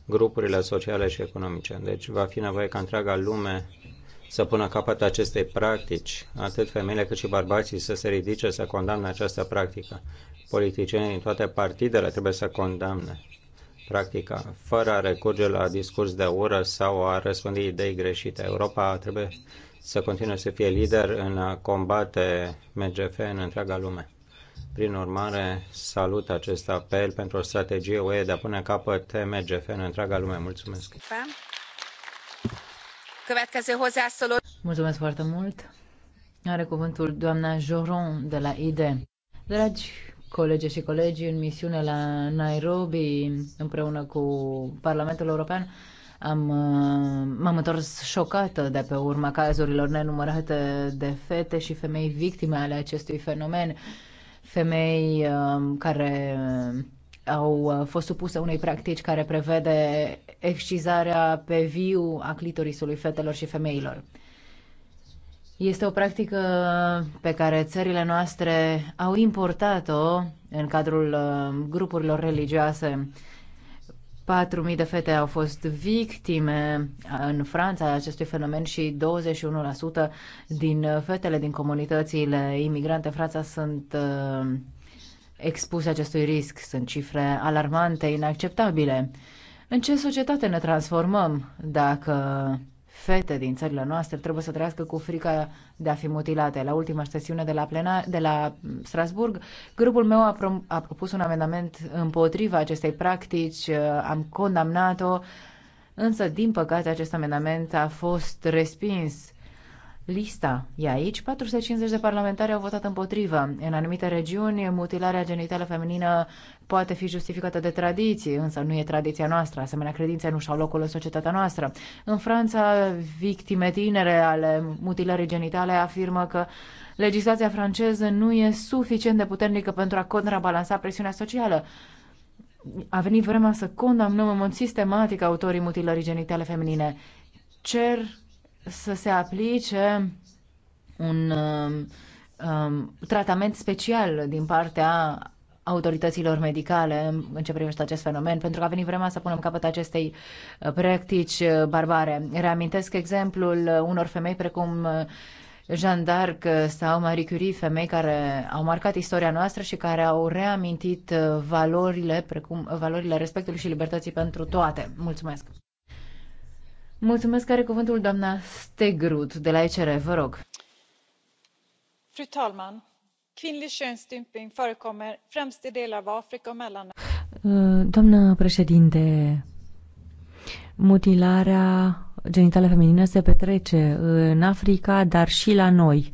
grupurile sociale și economice. Deci va fi nevoie ca întreaga lume să pună capăt acestei practici, atât femeile cât și bărbații să se ridice să condamne această practică. Politicienii din toate partidele trebuie să condamne practica, fără a recurge la discurs de ură sau a răspândi idei greșite. Europa trebuie să continue să fie lider în a combate MGF în întreaga lume. Prin urmare, salut acest apel pentru o strategie UE de a pune capăt MGF în întreaga lume. Mulțumesc! Mulțumesc foarte mult. Are cuvântul doamna Joron de la ID. Dragi colegi și colegi, în misiune la Nairobi împreună cu Parlamentul European, am, uh, m-am întors șocată de pe urma cazurilor nenumărate de fete și femei victime ale acestui fenomen. Femei uh, care au uh, fost supuse unei practici care prevede excizarea pe viu a clitorisului fetelor și femeilor. Este o practică pe care țările noastre au importat-o în cadrul uh, grupurilor religioase. 4.000 de fete au fost victime uh, în Franța acestui fenomen și 21% din fetele din comunitățile imigrante în Franța sunt expuse acestui risc. Sunt cifre alarmante, inacceptabile. În ce societate ne transformăm dacă fete din țările noastre trebuie să trăiască cu frica de a fi mutilate. La ultima sesiune de la, plena, de la Strasburg, grupul meu a, prom- a propus un amendament împotriva acestei practici, am condamnat-o, însă, din păcate, acest amendament a fost respins. Lista e aici. 450 de parlamentari au votat împotrivă. În anumite regiuni, mutilarea genitală feminină poate fi justificată de tradiții, însă nu e tradiția noastră. Asemenea, credințe nu și-au locul în societatea noastră. În Franța, victime tinere ale mutilării genitale afirmă că legislația franceză nu e suficient de puternică pentru a contrabalansa presiunea socială. A venit vremea să condamnăm în mod sistematic autorii mutilării genitale feminine. Cer să se aplice un um, um, tratament special din partea autorităților medicale în ce privește acest fenomen, pentru că a venit vremea să punem capăt acestei uh, practici uh, barbare. Reamintesc exemplul uh, unor femei precum Jeanne d'Arc sau Marie Curie, femei care au marcat istoria noastră și care au reamintit valorile, precum valorile respectului și libertății pentru toate. Mulțumesc! Mulțumesc, are cuvântul doamna Stegrud de la ECR, vă rog. Fru talman, kvinnlig könsstympning förekommer främst i delar av Afrika och Mellanöstern. Eh, doamna președinte, mutilarea genitală feminină se petrece în Africa, dar și la noi.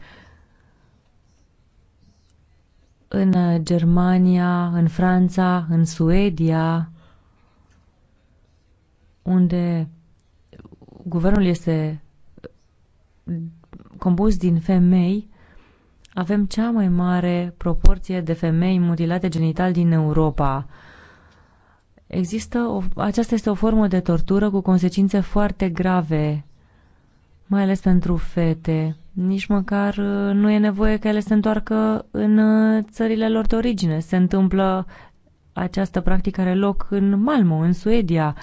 În Germania, în Franța, în Suedia, unde guvernul este uh, compus din femei, avem cea mai mare proporție de femei mutilate genital din Europa. Există o, aceasta este o formă de tortură cu consecințe foarte grave, mai ales pentru fete. Nici măcar uh, nu e nevoie că ele se întoarcă în uh, țările lor de origine. Se întâmplă această practică are loc în Malmo, în Suedia. Uh,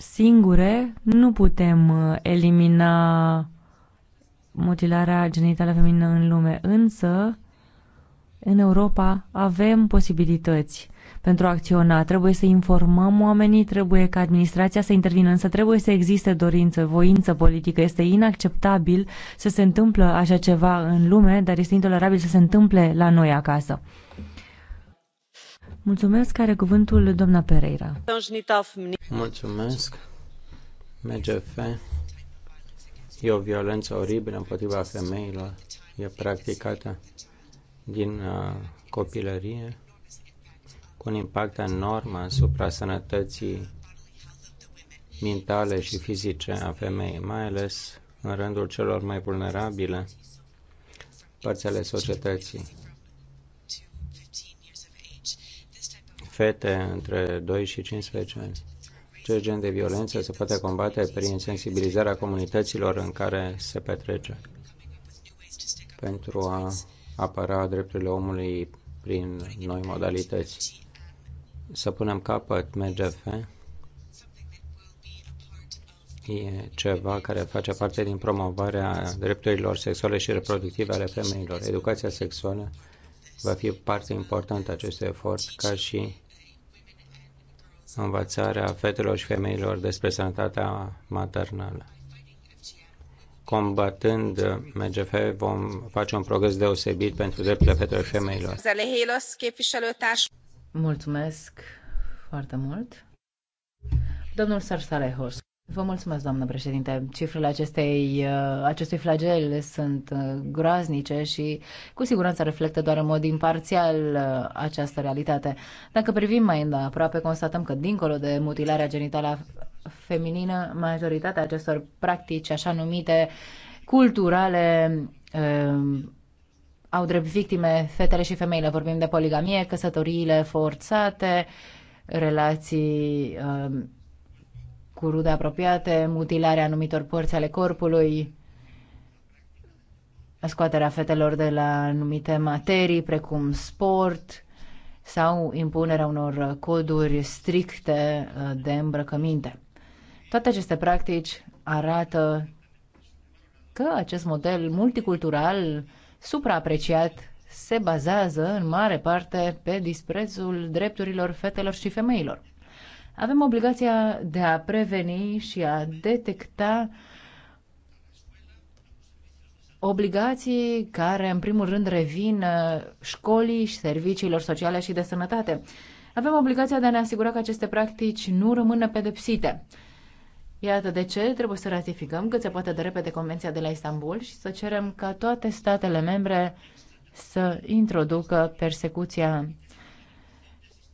singure nu putem uh, elimina mutilarea genitală feminină în lume, însă în Europa avem posibilități pentru a acționa. Trebuie să informăm oamenii, trebuie ca administrația să intervină, însă trebuie să existe dorință, voință politică. Este inacceptabil să se întâmplă așa ceva în lume, dar este intolerabil să se întâmple la noi acasă. Mulțumesc, are cuvântul doamna Pereira. Mulțumesc. MGF e o violență oribilă împotriva femeilor. E practicată din uh, copilărie cu un impact enorm asupra sănătății mentale și fizice a femeii, mai ales în rândul celor mai vulnerabile părți ale societății. fete între 2 și 15 ani. Ce gen de violență se poate combate prin sensibilizarea comunităților în care se petrece pentru a apăra drepturile omului prin noi modalități. Să punem capăt MGF e ceva care face parte din promovarea drepturilor sexuale și reproductive ale femeilor. Educația sexuală va fi parte importantă a acestui efort, ca și învățarea fetelor și femeilor despre sănătatea maternală. Combatând MGF vom face un progres deosebit pentru drepturile fetelor și femeilor. Mulțumesc foarte mult. Domnul Sarsalehos. Vă mulțumesc, doamnă președinte. Cifrele acestei, uh, acestui flagel sunt uh, groaznice și cu siguranță reflectă doar în mod imparțial uh, această realitate. Dacă privim mai aproape, constatăm că dincolo de mutilarea genitală feminină, majoritatea acestor practici așa numite culturale au drept victime fetele și femeile. Vorbim de poligamie, căsătoriile forțate, relații cu rude apropiate, mutilarea anumitor părți ale corpului, scoaterea fetelor de la anumite materii, precum sport, sau impunerea unor coduri stricte uh, de îmbrăcăminte. Toate aceste practici arată că acest model multicultural supraapreciat se bazează în mare parte pe disprețul drepturilor fetelor și femeilor avem obligația de a preveni și a detecta obligații care, în primul rând, revin uh, școlii și serviciilor sociale și de sănătate. Avem obligația de a ne asigura că aceste practici nu rămână pedepsite. Iată de ce trebuie să ratificăm cât se poate de repede Convenția de la Istanbul și să cerem ca toate statele membre să introducă persecuția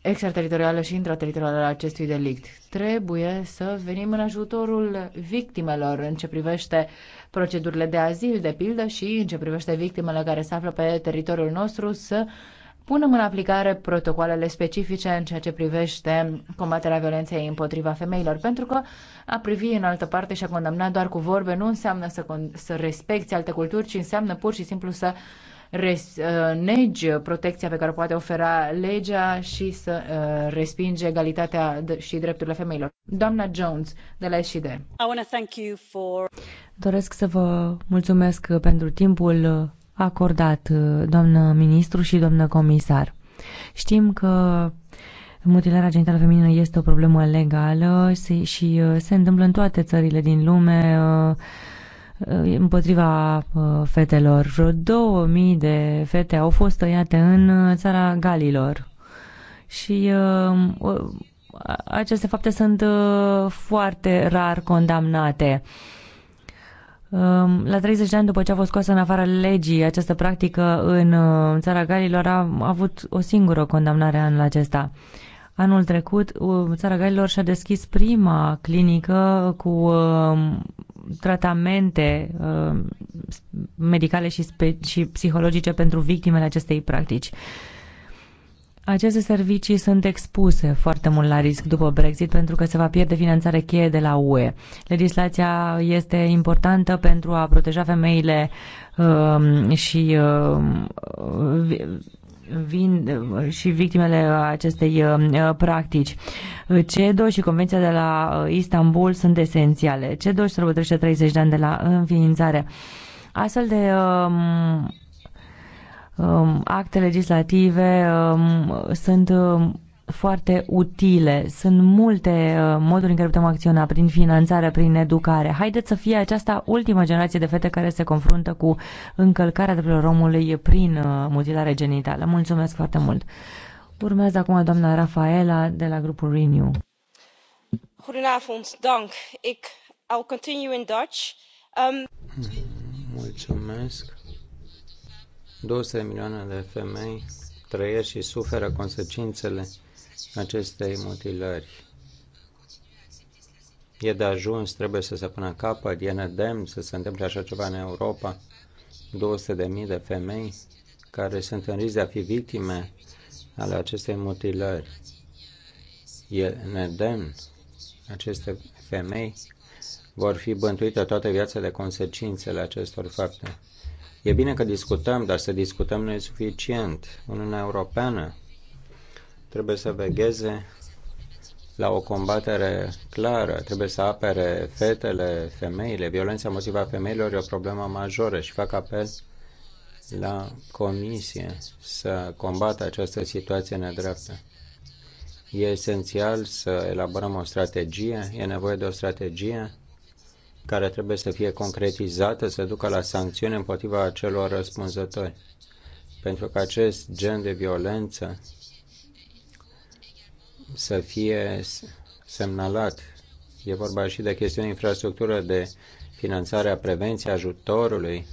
extrateritorială și intrateritorială a acestui delict. Trebuie să venim în ajutorul victimelor în ce privește procedurile de azil, de pildă, și în ce privește victimele care se află pe teritoriul nostru să punem în aplicare protocoalele specifice în ceea ce privește combaterea violenței împotriva femeilor, pentru că a privi în altă parte și a condamna doar cu vorbe nu înseamnă să, să respecti alte culturi, ci înseamnă pur și simplu să uh, Uh, negi protecția pe care o poate ofera legea și să uh, respinge egalitatea și drepturile femeilor. Doamna Jones, de la SID. For... Doresc să vă mulțumesc pentru timpul acordat, uh, doamnă ministru și doamnă comisar. Știm că mutilarea genitală feminină este o problemă legală și se întâmplă în toate țările din lume, Uh, împotriva uh, fetelor. Vreo 2000 de fete au fost tăiate în uh, țara Galilor. Și aceste fapte sunt foarte rar condamnate. La 30 de ani după ce a fost scoasă în afară legii, această practică în țara Galilor a avut o singură condamnare anul acesta. Anul trecut, Țara Galilor și-a deschis prima clinică cu um, tratamente um, medicale și, și psihologice pentru victimele acestei practici. Aceste servicii sunt expuse foarte mult la risc după Brexit pentru că se va pierde finanțare cheie de la UE. Legislația este importantă pentru a proteja femeile uh, și uh, vin uh, și victimele acestei uh, uh, practici. CEDO și Convenția de la Istanbul sunt esențiale. CEDO își sărbătorește 30 de ani de la înființare. Astfel de um, um, acte legislative um, sunt um, foarte utile. Sunt multe uh, moduri în care putem acționa, prin finanțare, prin educare. Haideți să fie aceasta ultima generație de fete care se confruntă cu încălcarea drepturilor omului prin uh, mutilare genitală. Mulțumesc foarte mult! Urmează acum doamna Rafaela de la grupul Renew. Goedenavond, dank. Ik I'll continue in Dutch. Um... Mulțumesc. 200 milioane de femei trăiesc și suferă consecințele acestei mutilări. E de ajuns, trebuie să se pună capăt, e nedemn să se întâmple așa ceva în Europa. 200.000 de femei care sunt în risc de a fi victime ale acestei mutilări. E nedemn. Aceste femei vor fi bântuite toată viața de consecințele acestor fapte. E bine că discutăm, dar să discutăm nu e suficient. Uniunea Europeană trebuie să vegheze la o combatere clară, trebuie să apere fetele, femeile. Violența motivă a femeilor e o problemă majoră și fac apel la comisie să combată această situație nedreaptă. E esențial să elaborăm o strategie, e nevoie de o strategie care trebuie să fie concretizată, să ducă la sancțiuni împotriva celor răspunzători. Pentru că acest gen de violență să fie semnalat. E vorba și de chestiuni infrastructură, de finanțarea prevenției, ajutorului.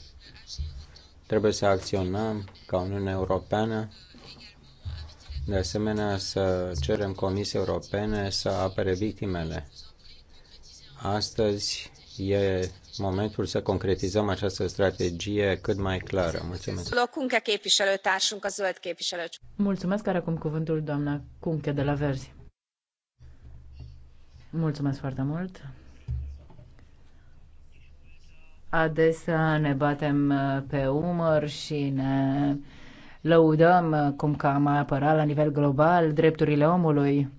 Trebuie să acționăm ca Uniunea Europeană de asemenea, să cerem Comisiei Europene să apere victimele. Astăzi e momentul să concretizăm această strategie cât mai clară. Mulțumesc. Mulțumesc, are acum cuvântul doamna Cunche de la Verzi. Mulțumesc foarte mult. Adesea ne batem uh, pe umăr și ne lăudăm uh, cum că am apărat la nivel global drepturile omului.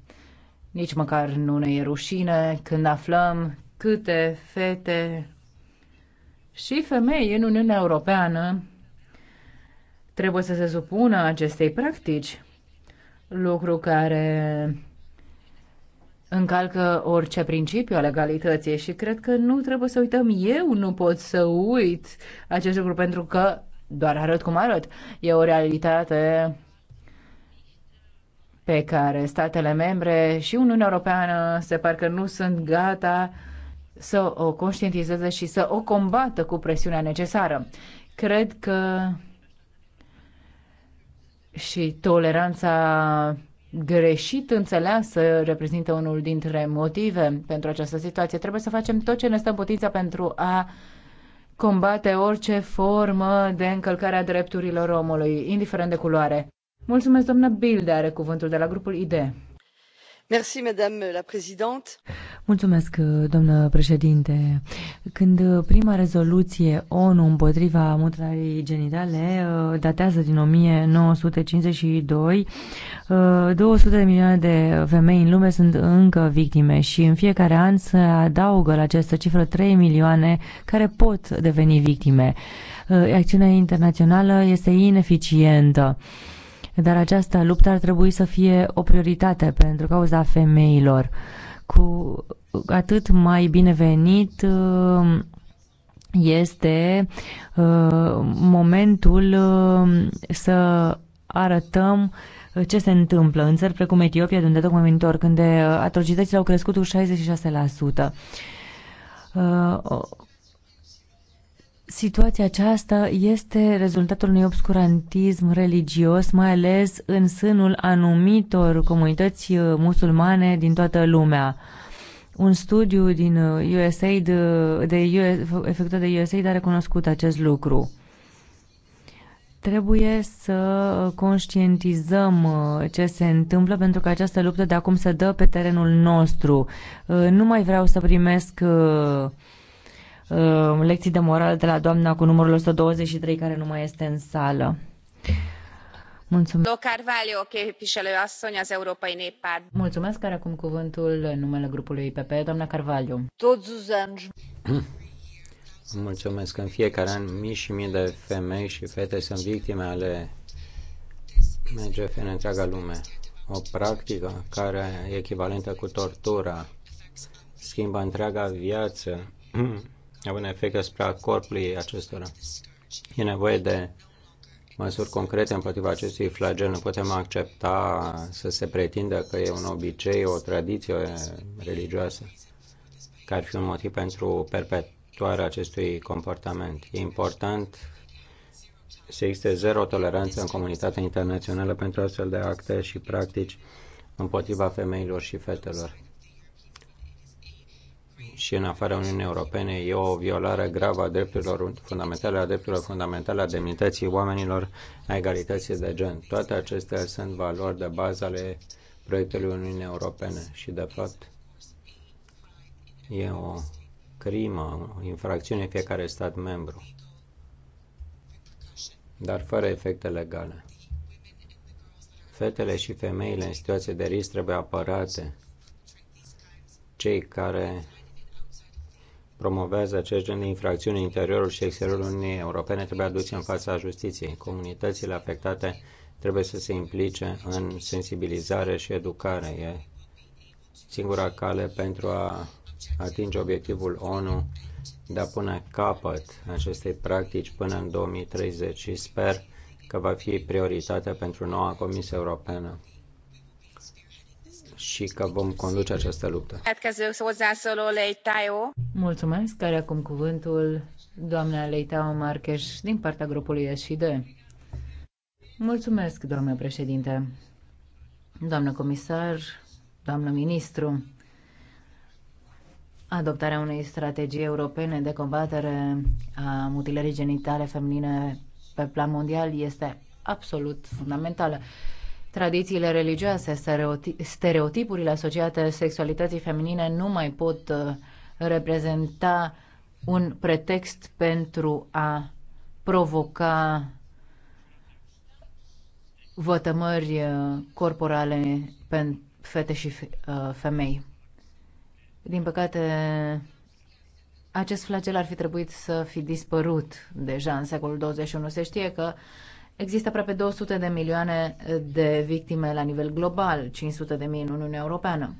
Nici măcar nu ne e rușine când aflăm câte fete și femei în Uniunea Europeană trebuie să se supună acestei practici, lucru care încalcă orice principiu al egalității și cred că nu trebuie să uităm. Eu nu pot să uit acest lucru pentru că doar arăt cum arăt. E o realitate pe care statele membre și Uniunea Europeană se parcă nu sunt gata să o conștientizeze și să o combată cu presiunea necesară. Cred că și toleranța greșit înțeleasă reprezintă unul dintre motive pentru această situație. Trebuie să facem tot ce ne stă în pentru a combate orice formă de încălcare a drepturilor omului, indiferent de culoare. Mulțumesc, doamnă Bilde, are cuvântul de la grupul ID. Mulțumesc, doamnă președinte. Când prima rezoluție ONU împotriva mutilării genitale uh, datează din 1952, 200 uh, de milioane de femei în lume sunt încă victime și în fiecare an se adaugă la această cifră 3 milioane care pot deveni victime. Uh, acțiunea internațională este ineficientă dar această luptă ar trebui să fie o prioritate pentru cauza femeilor. Cu atât mai binevenit uh, este uh, momentul uh, să arătăm ce se întâmplă în țări precum Etiopia, de unde tocmai mă întorc, unde atrocitățile au crescut cu 66%. Situația aceasta este rezultatul unui obscurantism religios, mai ales în sânul anumitor comunități uh, musulmane din toată lumea. Un studiu din USAID, uh, uh, de US, efectuat de USAID a recunoscut acest lucru. Trebuie să conștientizăm ce se întâmplă pentru că această luptă de acum se dă pe terenul nostru. Nu mai vreau să primesc uh, Um, lecții de morală de la doamna cu numărul 123 care nu mai este în sală. Mulțumesc. Mulțumesc, care acum cuvântul în numele grupului IPP, doamna Carvalho. (clears throat) Mulțumesc. În fiecare an mii și mii de femei și fete sunt victime ale MGF în întreaga lume. O practică care e echivalentă cu tortura schimbă întreaga viață (clears throat) avea un efect asupra corpului acestora. E nevoie de măsuri concrete împotriva acestui flagel. Nu putem accepta să se pretindă că e un obicei, o tradiție religioasă, care ar fi un motiv pentru perpetuarea acestui comportament. E important să existe zero toleranță în comunitatea internațională pentru astfel de acte și practici împotriva femeilor și fetelor și în afara Uniunii Europene e o violare gravă a drepturilor fundamentale, a drepturilor fundamentale, a demnității oamenilor, a egalității de gen. Toate acestea sunt valori de bază ale proiectului Uniunii Europene și, de fapt, e o crimă, o infracțiune fiecare stat membru, dar fără efecte legale. Fetele și femeile în situație de risc trebuie apărate. Cei care promovează acest gen de infracțiuni în interiorul și exteriorul Uniunii Europene trebuie aduse în fața justiției. Comunitățile afectate trebuie să se implice în sensibilizare și educare. E singura cale pentru a atinge obiectivul ONU de a pune capăt acestei practici până în 2030 și sper că va fi prioritatea pentru noua Comisie Europeană și că vom conduce această luptă. Mulțumesc, care acum cuvântul doamna Leitao Marcheș din partea grupului SID. Mulțumesc, doamna președinte, doamna comisar, doamna ministru. Adoptarea unei strategii europene de combatere a mutilării genitale feminine pe plan mondial este absolut fundamentală tradițiile religioase, stereotipurile asociate sexualității feminine nu mai pot uh, reprezenta un pretext pentru a provoca vătămări uh, corporale pentru fete și uh, femei. Din păcate, acest flagel ar fi trebuit să fi dispărut deja în secolul 21. Se știe că Există aproape 200 de milioane de victime la nivel global, 500 de mii în Uniunea Europeană.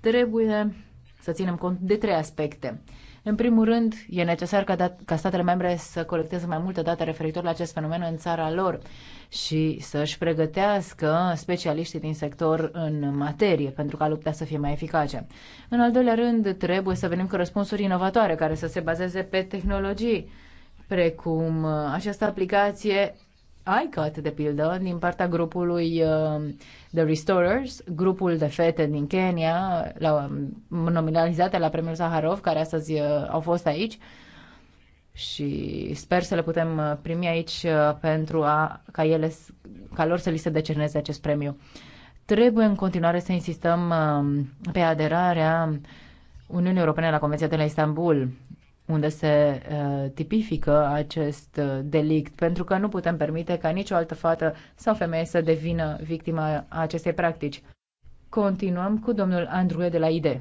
Trebuie să ținem cont de trei aspecte. În primul rând, e necesar ca, dat, ca statele membre să colecteze mai multe date referitor la acest fenomen în țara lor și să-și pregătească specialiștii din sector în materie pentru ca lupta să fie mai eficace. În al doilea rând, trebuie să venim cu răspunsuri inovatoare care să se bazeze pe tehnologii, precum această aplicație ICOT, de pildă, din partea grupului uh, The Restorers, grupul de fete din Kenya, la, nominalizate la premiul Saharov, care astăzi uh, au fost aici și sper să le putem uh, primi aici uh, pentru a, ca, ele, ca lor să li se decerneze acest premiu. Trebuie în continuare să insistăm uh, pe aderarea Uniunii Europene la Convenția de la Istanbul unde se uh, tipifică acest uh, delict, pentru că nu putem permite ca nicio altă fată sau femeie să devină victima acestei practici. Continuăm cu domnul Andrue de la IDE.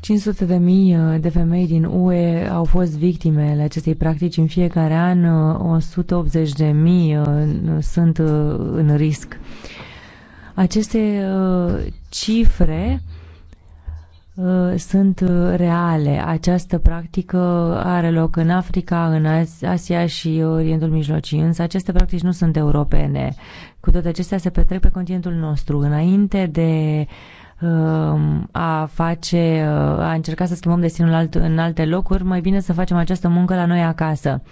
500 de mii uh, de femei din UE au fost victime ale acestei practici în fiecare an, 180 uh, de mii uh, sunt în risc. Aceste cifre Uh, sunt uh, reale. Această practică are loc în Africa, în Asia și Orientul Mijlociu, însă aceste practici nu sunt europene. Cu toate acestea se petrec pe continentul nostru. Înainte de um, a face, uh, a încerca să schimbăm destinul în alte locuri, mai bine să facem această muncă la noi acasă.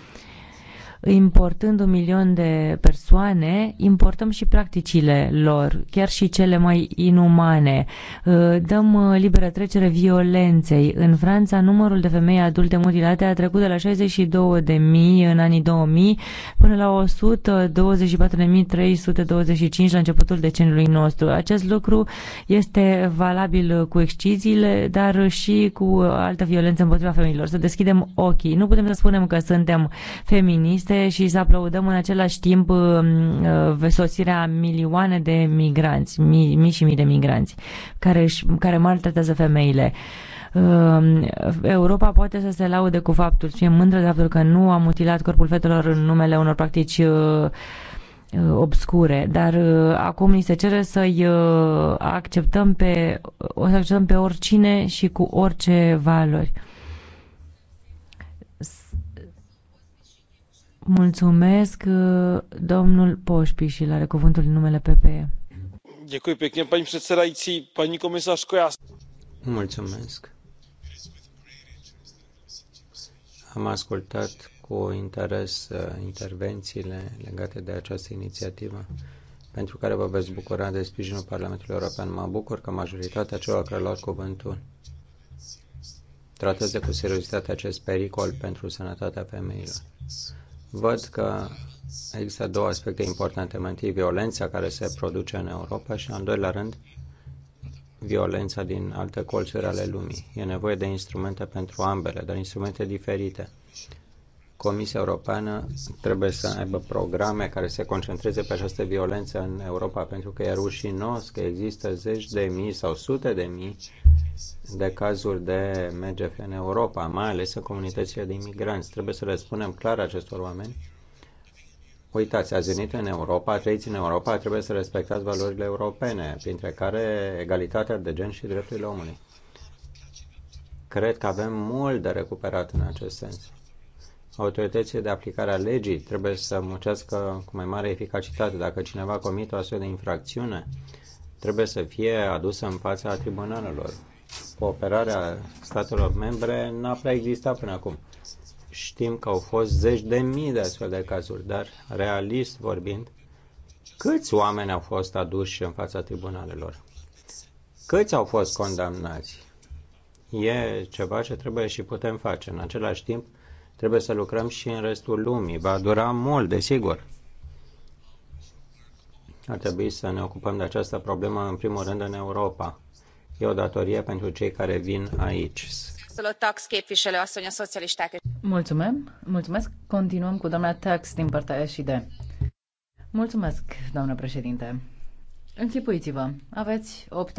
Importând un milion de persoane, importăm și practicile lor, chiar și cele mai inumane. Uh, dăm uh, liberă trecere violenței. În Franța, numărul de femei adulte mutilate a trecut de la 62.000 în anii 2000 până la 124.325 la începutul decenului nostru. Acest lucru este valabil cu exciziile, dar și cu altă violență împotriva femeilor. Să deschidem ochii. Nu putem să spunem că suntem feministe este și să aplaudăm în același timp um, uh, sosirea milioane de migranți, mii, mii și mii de migranți, care, își, care maltratează femeile. Um, Europa poate să se laude cu faptul și e mândră de faptul că nu a mutilat corpul fetelor în numele unor practici uh, uh, obscure, dar acum ni se cere să-i acceptăm pe, o să acceptăm pe oricine și cu orice valori. Mulțumesc, domnul Poșpi și la cuvântul în numele PPE. Děkuji pěkně, paní předsedající, paní komisařko, já... Mulțumesc. Am ascultat cu interes uh, intervențiile legate de această inițiativă pentru care vă veți bucura de sprijinul Parlamentului European. Mă bucur că majoritatea celor care luat cuvântul tratează cu seriozitate acest pericol pentru sănătatea femeilor văd că există două aspecte importante. Mai întâi, violența care se produce în Europa și, în doilea rând, violența din alte colțuri ale lumii. E nevoie de instrumente pentru ambele, dar instrumente diferite. Comisia Europeană trebuie să aibă programe care se concentreze pe această violență în Europa, pentru că e rușinos că există zeci de mii sau sute de mii de cazuri de MGF în Europa, mai ales în comunitățile de imigranți. Trebuie să spunem clar acestor oameni. Uitați, ați venit în Europa, trăiți în Europa, trebuie să respectați valorile europene, printre care egalitatea de gen și drepturile omului. Cred că avem mult de recuperat în acest sens autoritățile de aplicare a legii trebuie să muncească cu mai mare eficacitate. Dacă cineva comite o astfel de infracțiune, trebuie să fie adusă în fața tribunalelor. Cooperarea statelor membre n-a prea existat până acum. Știm că au fost zeci de mii de astfel de cazuri, dar realist vorbind, câți oameni au fost aduși în fața tribunalelor? Câți au fost condamnați? E ceva ce trebuie și putem face. În același timp, Trebuie să lucrăm și în restul lumii. Va dura mult, desigur. Ar trebui să ne ocupăm de această problemă, în primul rând, în Europa. E o datorie pentru cei care vin aici. Mulțumesc. Mulțumesc. Continuăm cu doamna Tax din partea SID. Mulțumesc, doamnă președinte. Închipuiți-vă, aveți 8